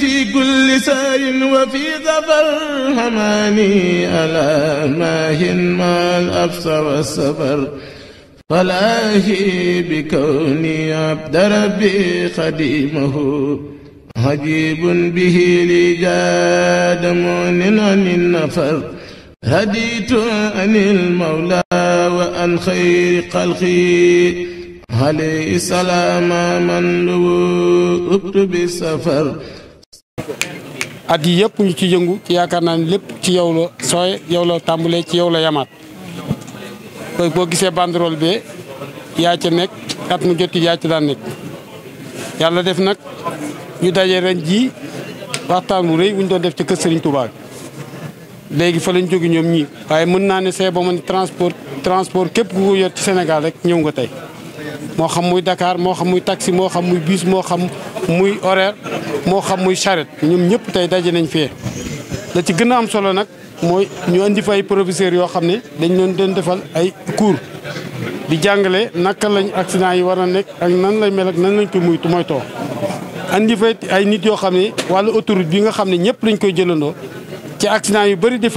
في كل سار وفي ظفر حماني ألا ماهن ما الأبصر والسفر فلاهي بكوني عبد ربي خديمه عجيب به لي جاد مؤمن عن النفر هديت عن المولى وعن خير خلقي عليه السلام at yi yëpp ñu ci yëngu ci yaakaar naa ne lépp ci yow la sooy yow la tàmbalee ci yow la yamaat boo gisee banderole bee yaa ci nekk at mu jot yaa ci daan nekk yàlla def nag ñu daje ren ji waxtaan wu rëy wu ñu doon def ci kër Serigne Touba léegi fa lañ jóge ñoom ñii waaye mën naa ne see ba man transport transport képp ku ko yor ci senegal rek ñëw nga tey moo xam muy dakaar moo xam muy taxi moo xam muy biis moo xam muy horaire moo xam muy charette ñoom ñëpp tey daje nañ fee. da ci gën a am solo nag mooy ñu indi fa ay professeurs yoo xam ne dañ leen doon defal ay cours di jàngale naka lañ accident yi war a nekk ak nan lay mel nan lañ ko muy moytoo. indi fa ay nit yoo xam ne wàllu autoroute bi nga xam ne ñëpp lañ koy jëlandoo ci accident yu bëri di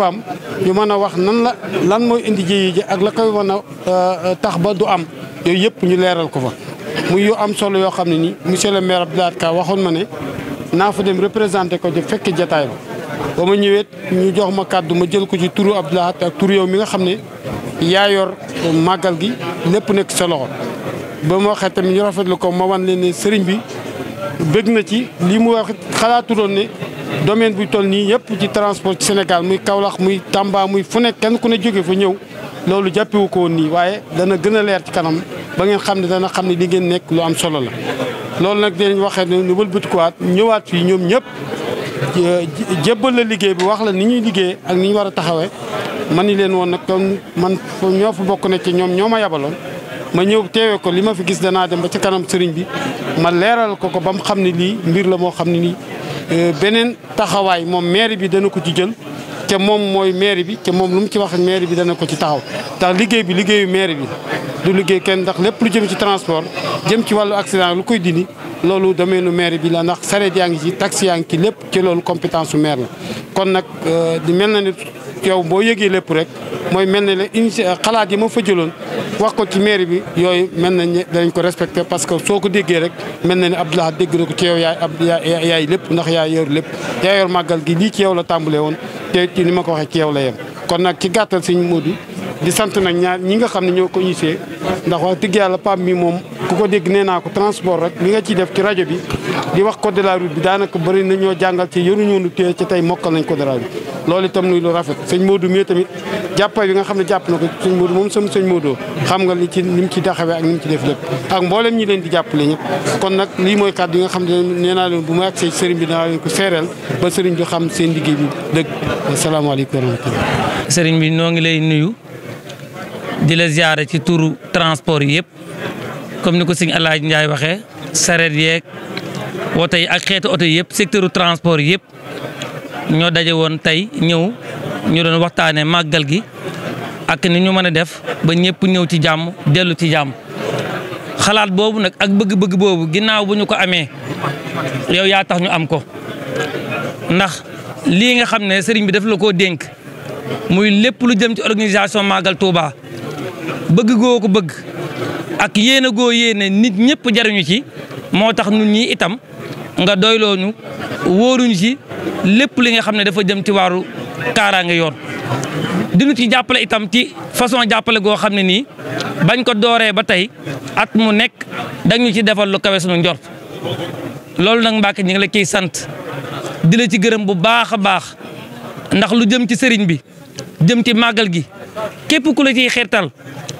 ñu mën a wax nan la lan mooy indi jëye ji ak la koy mën euh, euh, tax ba du am. yooyu yëpp ñu leeral ko fa muy yu am solo yoo xam ne nii monsieur le maire Abdoulaye kaa waxoon ma ne naa fa dem représenté ko def fekk jataay ba ma ñëwee ñu jox ma kàddu ma jël ko ci turu Abdoulaye ak turu mi nga xam ne yaa yor màggal gi lépp nekk sa ba ma waxee tamit ñu rafetlu ko ma wan leen ne sëriñ bi bëgg na ci lii mu xalaatu xalaatuloon ne domaine bu toll nii yëpp ci transport Sénégal muy Kaolack muy Tamba muy fu nekk kenn ku ne jóge fa ñëw loolu jàppewu ko woon nii waaye dana gën a leer ci kanam ba ngeen xam ne dana xam ne li ngeen nekk lu am solo la. loolu nag dinañ waxee ne nu wëlbatikuwaat ñëwaat fii ñoom ñëpp jébbal la liggéey bi wax la ni ñuy liggéey ak ni ñu war a taxawee man ni leen woon nag kon man ñoo fa bokk ne ci ñoom ñoo ma yabaloon. ma ñëw teewe ko li ma fi gis danaa dem ba ci kanam sëriñ bi ma leeral ko ko ba mu xam ne lii mbir la moo xam ne nii euh, beneen taxawaay moom maire bi dana ko ci jël. ce moom mooy maire bi ce moom lu mu ci wax maire bi dana ko ci taxaw ndax liggéey bi liggéeyu maire bi du liggéey kenn ndax lépp lu jëm ci transport jëm ci wàllu accident lu koy dindi loolu domaine maire bi la ndax sareet yaa ngi ci taxi yaa ngi ci lépp ci loolu compétence su maire la kon nag euh, di mel na ni yow boo yëgee lépp rek mooy mel ne la xalaat yi ma fa jëloon wax ko ci mairie bi yooyu mel na ne dañ ko respecté parce que soo ko déggee rek mel na ni Abdou Lahad dégg na ko ci yow yaay ab yaay lépp ndax yaay yor lépp yaa yor màggal gi lii ci yow la tàmbalee woon te ni ma ko waxee ci yow la yem kon nag ci gàttal sëñ Modou di sant nag ñaar ñi nga xam ne ñoo ko initié ndax wax dëgg yàlla PAM mii moom ku ko dégg nee naa ko transport rek li nga ciy def ci rajo bi di wax code de la route bi daanaka bëri na ñoo jàngal ci yëruñoonu téye ci tey mokkal nañ code de bi loolu itam nuy lu rafet sëñ Modou mii tamit jàppay bi nga xam ne jàpp na ko sëñ moom sama sëñ Modou xam nga li ci ni mu ci daxawee ak ni mu ci def lépp ak mboolem ñi leen di jàppale ñëpp kon nag lii mooy kàddu yi nga xam ne nee naa leen bu ma agsee sëriñ bi danaa leen ko seereel ba sëriñ bi xam seen liggéey bi dëgg asalaamaaleykum wa rahmatullah sëriñ bi noo ngi lay nuyu di la ci turu transport yëpp comme ni ko sëñ El Hadj Ndiaye waxee sareet yeeg woto yi ak xeetu oto yëpp secteur transport yëpp ñoo daje woon tey ñëw ñu doon waxtaanee màggal gi ak ni ñu mën a def ba ñëpp ñëw ci jàmm dellu ci jàmm. xalaat boobu nag ak bëgg-bëgg boobu ginnaaw bu ñu ko amee yow yaa tax ñu am ko ndax lii nga xam ne sëriñ bi def la ko dénk muy lépp lu jëm ci organisation màggal Touba. bëgg goo ko bëgg ak yéen a goo yéene nit ñëpp jariñu ci moo tax nu ñi itam nga doyloo ñu wóoruñu ci lépp li nga xam ne dafa jëm ci waaru kaaraange yoon dinu ci jàppale itam ci façon jàppale goo xam ne nii bañ ko dooree ba tey at mu nekk dañu ci defal lu kawe sunu njort loolu nag Mbàkke ñu ngi la ciy sant di ci gërëm bu baax a baax ndax lu jëm ci sëriñ bi jëm ci màggal gi képp ku la ciy xeetal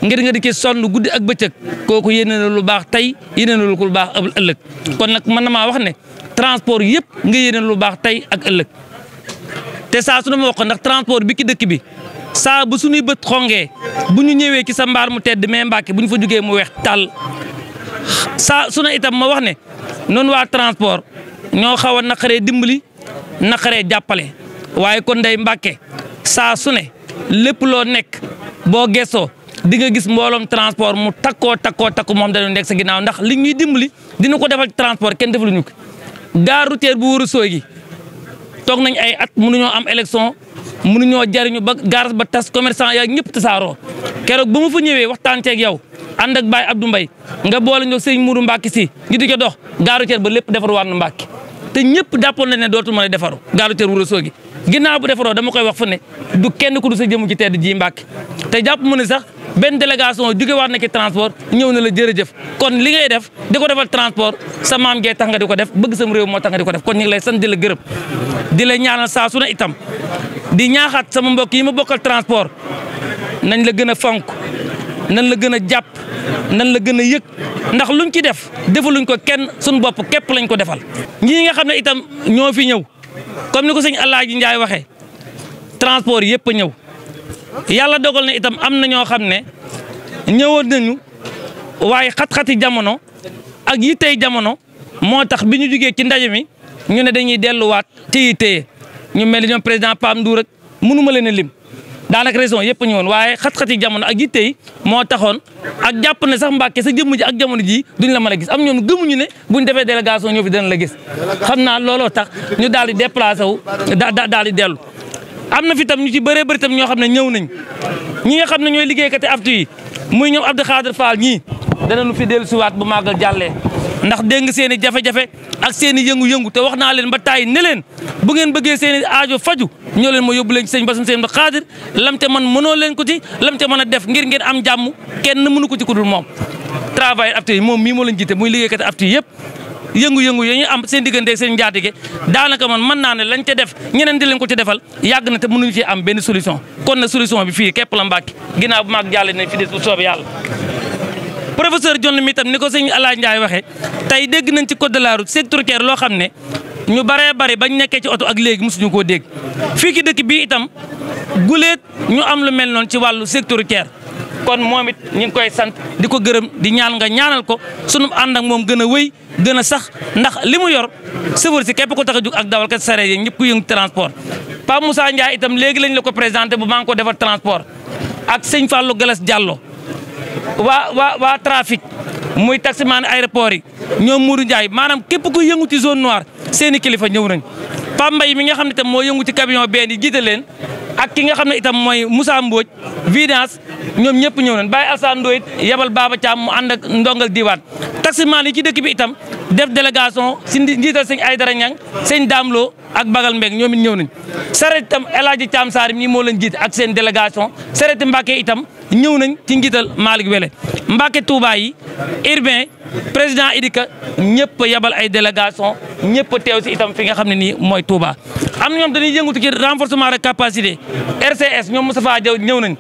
ngir nga di ci sonn guddi ak bëccëg kooku yéene lu baax tey yéene na lu baax ëllëg kon nag mën na maa wax ne transport yëpp nga yéene lu baax tey ak ëllëg te saa su ne ma wax ndax transport bi ki dëkk bi saa bu suñuy bët xongee bu ñu ñëwee ci sa mbaar mu tedd mais Mbàkke bu ñu fa jógee mu weex tàll saa su ne itam ma wax ne noonu waa transport ñoo xaw a naqaree dimbali naqaree jàppale waaye kon day Mbàkke saa su ne lépp loo nekk boo gëstoo di nga gis mbooloom transport mu takkoo takkoo takku moom dañu nekk sa ginnaaw ndax li ñuy dimbali dina ko defal transport kenn ñu ko. gare routière bu Ouro Sogui toog nañ ay at mënuñoo am élection mënuñoo jariñu ba gare ba tas commerçant yaa ñëpp tasaaroo keroog ba mu fa ñëwee waxtaan ceeg yow ànd ak Baye Abdou mbay nga boole ñoo sëñ Mourou Mbacke si ñu di ko dox gare routière ba lépp defaru waat na Mbacke te ñëpp jàppoon nañ ne dootul mën a defaru gare routière Ouro ginnaaw bu defaroo dama koy wax fu ne du kenn ku du sa jëmu ci tedd jii Mbàkke te jàpp mu ne sax benn délégation juge waat na ci transport ñëw na la jërëjëf kon li def di ko defal transport sa maam gee tax nga di ko def bëgg sam réew moo tax nga di ko def kon ñu ngi lay sant di la gërëm di la ñaanal saa su ne itam di ñaaxaat sama mbokk yi ma bokkal transport nañ la gën a fonk nan la gën a jàpp nan la gën a yëg ndax luñ ci def defaluñ ko kenn suñ bopp képp lañ ko defal ñii nga xam ne itam ñoo fi ñëw comme ni ko sëñ Alaaji Njaay waxee transport yëpp a ñëw yàlla dogal na itam am na ñoo xam ne ñëwoon nañu waaye xat-xati jamono ak yittey jamono moo tax bi ñu jugee ci ndaje mi ñu ne dañuy delluwaat téye téye ñu mel ni ñoom président Pam Ndour rek mënuma leen a lim. daanaka raison yëpp ñu woon waaye xat-xati jamono ak yitte yi moo taxoon ak jàpp na sax Mbàkke sa jëmm ji ak jamono ji duñ la mën a gis am ñoom gëmuñu ne bu buñ defee délégation ñoo fi dana la gis xam naa looloo tax ñu daal di déplacé wu daal di dellu am na fi tam ñu ci bëree bëri tam ñoo xam ne ñëw nañ ñi nga xam ne ñooy liggéeykati aftu yi muy ñoom Abdou Khadir Fall ñii danañu fi dellu siwaat bu màggal jàllee ndax dégg nga seen i jafe-jafe ak seen i yëngu-yëngu te wax naa leen ba taay ne leen bu ngeen bëggee seen aajo faju ñoo leen ma yóbbu leen ci sëñ Bassirou Sène Xaadir te man mënoo leen ko ci lamte mën a def ngir ngeen am jàmm kenn mënu ko ci ku dul moom travail afti yi moom mii moo leen jiite muy liggéeykat afti yi yëpp yëngu-yëngu yi ñu am seen diggante seen njaatige daanaka man mën naa ne lañ ca def ñeneen di leen ko ci defal yàgg na te mënuñu ci am benn solution kon na solution bi fii képp la mbàkki ginnaaw bu maag jàlle nañ fi des bu soobee yàlla professeur jonn mi tam ni ko sëñ Alla Ndiaye waxee tey dégg nañ ci code de la route secteur loo xam ne ñu baree bari bañ nekkee ci oto ak léegi mosuñu koo dégg fii ci dëkk bii itam guleet ñu am lu mel noonu ci wàllu secteur routier kon moom it ñu ngi koy sant di ko gërëm di ñaan nga ñaanal ko sunu ànd ak moom gën a wéy gën a sax ndax li mu yor sëfër si képp ko tax a jug ak dawalkat sare yi ñëpp ku yëngu transport. Pape Moussa Ndiaye itam léegi lañ la ko présenté bu maa ngi ko defar transport ak sëñ Fallou Galas Diallo waa waa waa trafic muy taximaan aéroport yi ñoom Mourou Ndiaye maanaam képp ku yëngu ci zone seeni kilifa ñëw nañ Pape Mbaye mi nga xam ne tam moo yëngu ci camion benn yi jiite leen ak ki nga xam ne itam mooy Moussa Mbodj Vidance ñoom ñëpp ñëw nañ Baye Assane Ndoye yebal Baba Thiam mu ànd ak ndongal diwaan taximaan yi ci dëkk bi itam def délégation sindi njiital sëñ Aydara Ñang sëñ Daamloo ak Bagal Mbeng ñoom it ñëw nañ saret itam El Hadji Thiam Sarim ñi moo leen jiit ak seen délégation saret mbake itam ñëw nañ ci njiital Malick Wele mbake Touba yi urbain président Idika ñëpp yabal ay délégation ñëpp teew si itam fi nga xam ne nii mooy Touba am na ñoom dañuy yëngatu ci renforcement de capacité RCS ñoom Moustapha Diaw ñëw nañ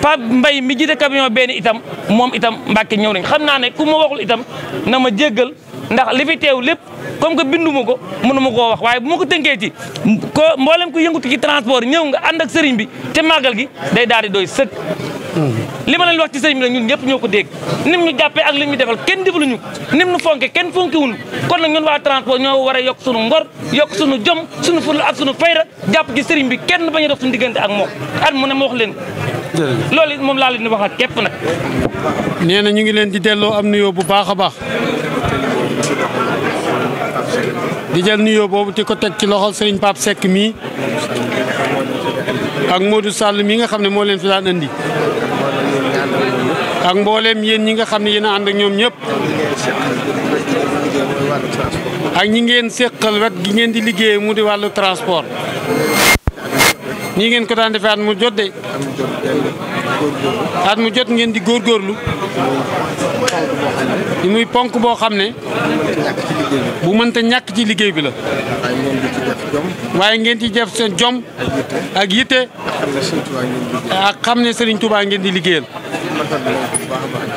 Pape Mbaye mi jiite camion benn itam moom itam Mbàkke ñëw nañ xam naa ne ku ma waxul itam na ma jéggal ndax li fi teew lépp comme que bindu ma ko mënu ma koo wax waaye bu ma ko tënkee ci ko mboolem ku yëngatu ci transport ñëw nga ànd ak sëriñ bi te màggal gi day daal di doy sëkk li ma leen wax ci sëñ bi na ñun ñëpp ñoo ko dégg nim ñu jàppee ak li ñu defal kenn defaluñu nim ñu fonke kenn fonkiwuñu kon nag ñun waa transport ñoo war a yokk sunu ngor yokk sunu jom sunu furla ak sunu fayra jàpp ci sëriñ bi kenn bañ a dox sunu diggante ak moom at mu ma wax leen loolu it moom laa leen di waxaat képp nag nee na ñu ngi leen di delloo am nuyoo bu baax a baax di jël nuyoo boobu di ko teg ci loxol sëriñ Pape Seck mii ak Modou Sall mii nga xam ne moo leen fi daan andi ak mbooleem yéen ñi nga xam ne yéen a ànd ak ñoom ñëpp ak ñi ngeen séqal wet gi ngeen di liggéey mu di wàllu transport ñi ngeen ko daan defaat mu jot de at mu jot ngeen di góor góorlu li muy ponk boo xam ne bu mënta ñàkk ci liggéey bi la waaye ngeen ci def seen jom ak yitte ak xam ne Serigne Touba ngeen di liggéeyal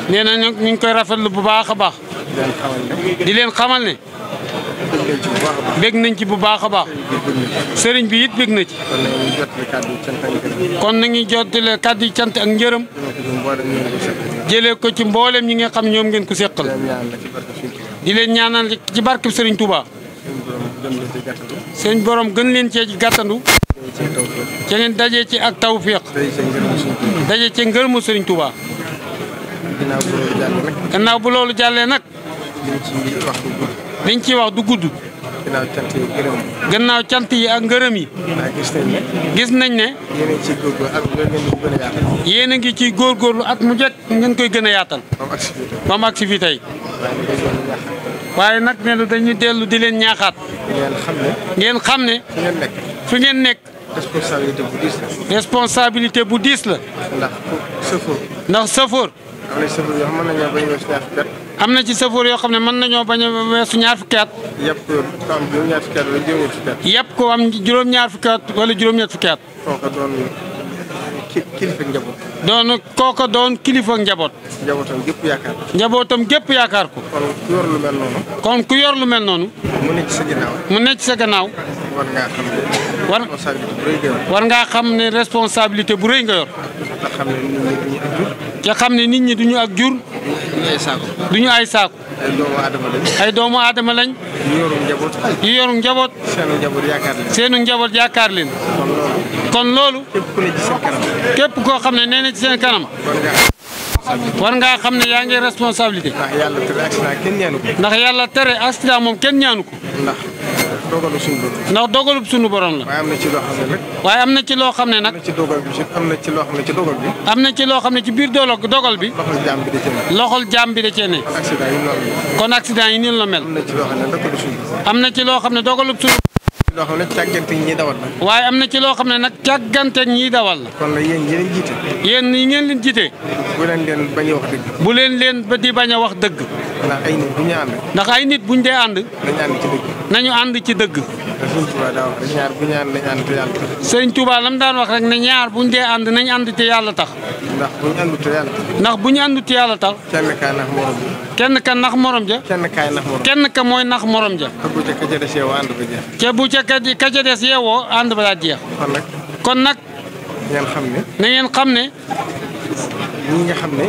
nee ñu ngi koy rafetlu bu baax a baax di leen xamal ne bég nañ ci bu baax a baax sëriñ bi it bég na ci kon nañuy jottale kàddu yi cant ak njërëm jëlee ko ci mboolem ñi nga xam ñoom ngeen ko seqal di leen ñaanal ci barkeb sëriñ Touba seen boroom gën leen cee gàttandu ca ngeen dajee ci ak tawféex dajee ci ngërëmu sëriñ Touba gannaaw bu loolu jàllee nag liñ ciy wax du gudd. gannaaw cant yi ak ngërëm yi. gis nañ ne. gis nañ ne. yéen a ngi ciy góorgóorlu at mu ngeen koy gën yaatal. mu njëkk ngeen koy gën a yaatal. moom activité yi waaye nag nee na dañuy dellu di leen ñaaxaat. ngeen xam ne. ngeen xam ne. fi ngeen nekk. fi responsabilité bu diis la. responsabilité ndax sëfoor. ndax sëfoor. am na sëfoor yoo xam am na ci safoor yoo xam ne mën nañoo bañ a weesu ñaar fukki at. yàpp ko am juróom-ñaar fukki at wala juróom-ñaar fukki kooka doon kilifa njaboot. doon kooka doon kilifa njaboot. njabootam gépp yaakaar ko. njabootam kon ku yor lu mel noonu. kon ku yor lu mel noonu. mu nekk sa gannaaw. mu nekk sa gannaaw. war ngaa xam ne. responsabilité bu rëy nga yor. nga xam ne nit ñi duñu ak jur. du ñu ay saako. ay doomu aadama lañ. ay doomu aadama lañ. yu yoru njaboot. yu yoru njaboot. seenu njaboot yaakaar leen. seenu njaboot yaakaar leen. kon loolu. képp ku koo xam ne nee na ci seen kanam. war ngaa xam ne yaa ngi responsabilité. ndax yàlla tere accident ndax moom kenn ñaanu ko. dogalu suñu borom. ndax dogalu suñu waaye am na ci loo xam ne nag. waaye am na ci loo xam ne nag. am na ci dogal bi am na ci loo xam ci dogal bi. am na ci loo xam ne ci biir dogal dogal bi. loxol jaam bi da cee jaam bi da cee ne. kon accident yi nii la mel. yi nii la mel. am na ci loo xam ne dogalu suñu. am na ci loo xam ne dogalu suñu. loo xam ne càggante ñi dawal la. waaye am na ci loo xam ne nag càggante ñiy dawal la. kon la yéen yéen jiite. yéen yi ngeen leen jiite. bu leen leen bañ wax dëgg. bu leen leen ba di bañ a wax dëgg. ndax bu ñu ànd. ndax ay nit bu ñu dee ànd. nañu ànd ci dëgg. nañu ànd ci dëgg. sëriñ Touba lam daan wax rek ne ñaar buñ dee ànd nañ ànd te yàlla tax. ndax buñ ànd te yàlla tax. ndax buñ ànd te yàlla tax. kenn kaay nax morom ja. kenn ka nax morom ja. kenn kaay nax morom kenn ka mooy nax morom ja. te bu ca ka ca des yeewoo ànd ba jeex. te bu ca ka ca des yeewoo ànd ba daa jeex. kon nag. kon nag. na ngeen xam ne. na ngeen xam ne. ñi nga xam ne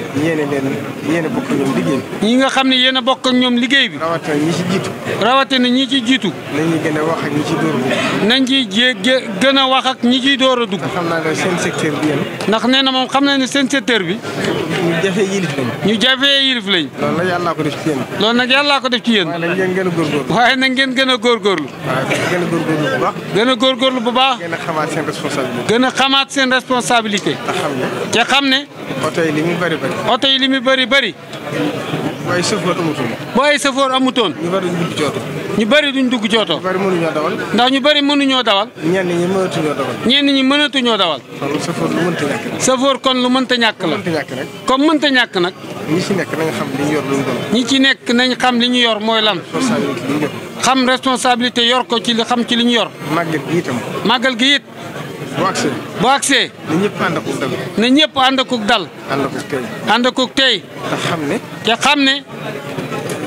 yéen bokk ñoom liggéey bi. ñi nga xam ne yéen a bokk ñoom liggéey bi. rawatina ñi ci jiitu. rawatina ñi ci jiitu. a wax a nañ ciy jé gën a wax ak ñi ciy door a xam naa ne secteur bi yéen. ndax nee na moom xam naa ne seen secteur bi. ñu jafee yilif lañ. ñu jafee yilif lañ. loolu nag yàllaa ko def ci yéen. loolu nag yàllaa ko def ci yéen. waaye nag ngeen gën a góorgóorlu. waaye nag ngeen gën a góorgóorlu. waaw gën a góorgóorlu bu baax. gën a góorgóorlu bu baax. yi li mu bëri bëri. oto oh, mu bëri bëri. bu ay sëfoor amutoon. bu ay sëfoor amutoon. ñu bëri duñ dugg ci oto. ñu bëri duñ dugg ñu bëri mënuñoo dawal. ndax ñu bëri mënuñoo dawal. ñenn ñi mënatuñoo dawal. ñenn ñi mënatuñoo dawal. kon sëfoor lu mënta ñàkk la. sëfoor kon lu mënta ñàkk comme mënta ñàkk nag. ñi ci nekk nañ xam li ñu yor ci nekk nañ xam li ñu yor mooy lan. xam responsabilité yor ko ci li xam ci li ñu yor. màggal gi itam. màggal boo agsee. boo agsee. na ñëpp ànd akuk dal. na ñëpp ànd dal. ànd tey. ànd tey. te xam ne. te xam ne.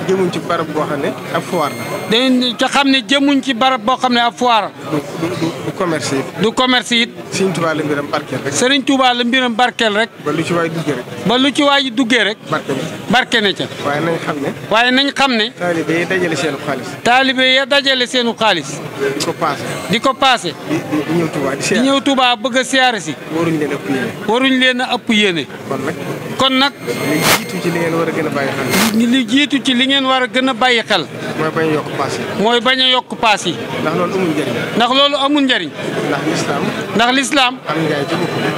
jëmuñ ci barab boo xam ne ab foire la. dañuy te xam ne jëmuñ ci barab boo xam ne ab foire. commerce it. du commerce it. Serigne Touba la mbiram barkeel rek. Serigne Touba la mbiram barkeel ba lu ci waay duggee rek. ba lu ci waay duggee rek. barke na ca barke ca. waaye nañ xam ne. waaye nañ xam ne. taalibe ya dajale seenu xaalis. taalibe ya dajale seenu xaalis. di ko paase. di ko paase. di ñëw Touba di ñëw Touba bëgg a siyaare si. waruñ leen ëpp yéene. waruñ leen a ëpp yéene. kon kon nag. ci li ngeen war a gën a bàyyi xel. ci li ngeen war a gën a bàyyi xel. mooy bañ a yokk mooy bañ a yokk yi. ndax loolu amul njëriñ. ndax loolu amul njëriñ. ndax lislaam. ndax lislaam.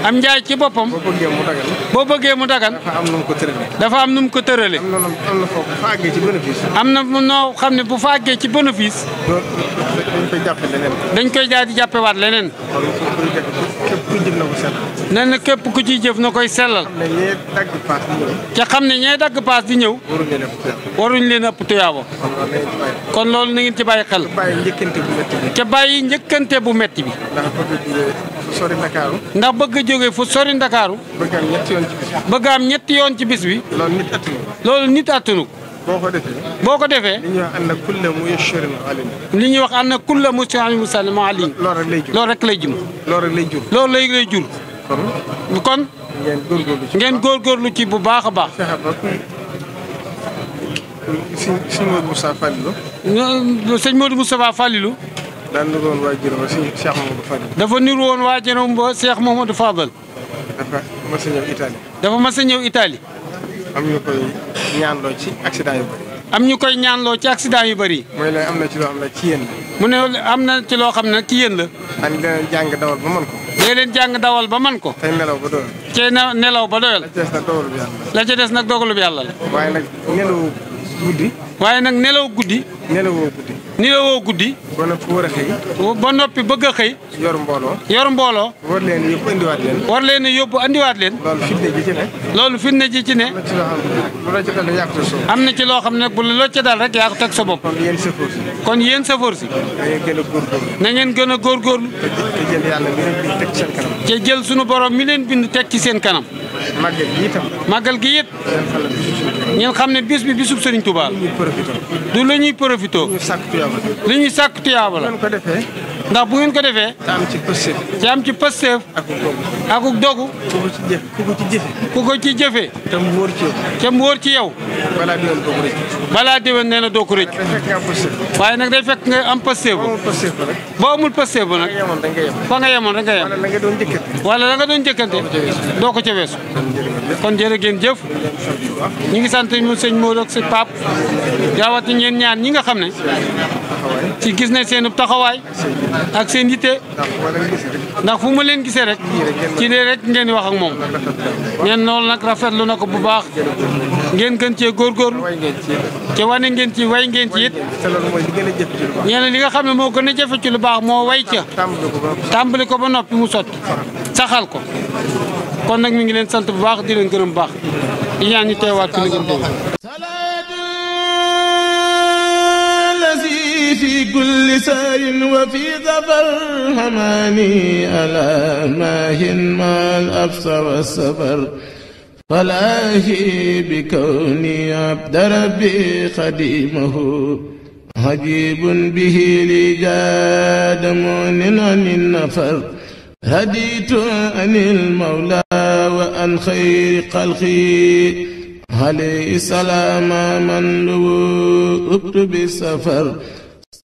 am njaay ci boppam. am njaay ci boppam. boo bëggee mu dagan. boo bëggee mu dagan. dafa am nu mu ko tëralee. dafa am nu mu ko tëralee. am na am na foofu bu fa àggee ci bénéfice. na xam ne bu fa ci bénéfice. dañ koy jàppe leneen. dañ koy daal di jàppewaat leneen. kon képp ku na ko set. nee na képp ku ciy jëf na koy sellal. ca xam ne ñee dagg paas di ñëw. waruñ leen ëpp tuyaaba. kon loolu na ngeen ci bàyyi xel. ca bàyyi njëkkante bu metti bi. ndax bëgg a jóge fu sori ndakaaru. bëgg am ñetti yoon ci bis bi. am ñetti yoon ci bis bi. loolu nit attanu. loolu nit attanu. boo ko defee. boo ko defee. li ñuy wax ànd ak kulla mu yashurin alim. li ñuy wax ànd ak kulla mu yashurin alim. loolu rek lay jur. loolu rek lay jur. loolu rek lay jur. kon. kon. ngeen góorgóorlu ci ngeen góorgóorlu ci bu baax a baax. sëñ Modou Moustapha Fallilou. sëñ Modou Moustapha Fallilou. daan niru woon waajuram ba sëñ Cheikh Mamadou Fadil. dafa niru woon waajuram ba Cheikh Mamadou Fadil. dafa mas a ñëw Italie. dafa mas a ñëw Italie. am ñu koy ñaanloo ci accident yu am ñu koy ñaanloo ci accident yu bari mooy leen am na ci loo xam ne ci yéen la. mu ne am na ci loo xam ne ci yéen la. ak di jàng dawal ba man ko. di leen jàng dawal ba man ko. tey nelaw ba doyal. tey nelaw ba doyal. la ca des nag dogalub yàlla la. ca des nag dogalub yàlla la. waaye nag nelaw guddi. waaye nag nelaw guddi. nelawoo guddi. ni la woo guddi. ba noppi war a xëy. ba noppi bëgg a xëy. yoru mbooloo. yor mbooloo. war leen yóbbu andiwaat leen. war leen yóbbu indiwaat leen. loolu fitna ji ci ne. loolu fitna ji ci ne. am na ci loo xam ne bu la ca dal rek yaa ko teg sa bopp. kon yéen sëfoor si. kon yéen sëfoor si. na a góorgóorlu. na ngeen gën a góorgóorlu. jël yàlla mi leen bind teg ci seen kanam. te jël sunu borom mi leen bind teg ci seen kanam. màggal itam. màggal gi it. ngeen xam ne bis bi bisub Serigne Touba. du la ñuy profité. du la ñuy profité. ñuy sàkk tuyaaba la. li ñuy sàkk ndax bu ngeen ko defee. te am ci pësteef. te am ci pësteef. akuk dogu akuk dogu. ku ko ci jëf ku ci jëfe. ku ko ci jëfe. te mu wóor ci yow. te mu wóor balaa déwén doo nee na doo ko rëcc. waaye nag day fekk nga am pësteef. boo amul pësteef ba nag. fa nga yemoon da nga yem. wala da nga doon jëkkante. doo ko ca kon jërë ngeen jëf. ñu ngi sant ñu sëñ Modou ak sëñ Pape. gaawati ñeen ñaan ñi nga xam ne ci gis nañ seen taxawaay ak seen yitte ndax fu ma leen gisee rek ci lii rek ngeen wax ak moom ñeen loolu nag rafetlu na ko bu baax ngeen gën cee góorgóorlu ci wane ngeen ci way ngeen ci it ñeen li nga xam ne moo gën a jafe ci lu baax moo way ca tàmbali ko ba noppi mu sot saxal ko kon nag mu ngi leen sant bu baax di leen gërëm bu baax di ñaan ñu teewaat ci li ngeen سار وفي ظفر هماني ألا ماهن ما الأبصر والسفر فلاهي بكوني عبد ربي خديمه عجيب به لي جاد مؤن عن النفر هديت عن المولى وعن خير خلقي عليه السلام من لو أكتب السفر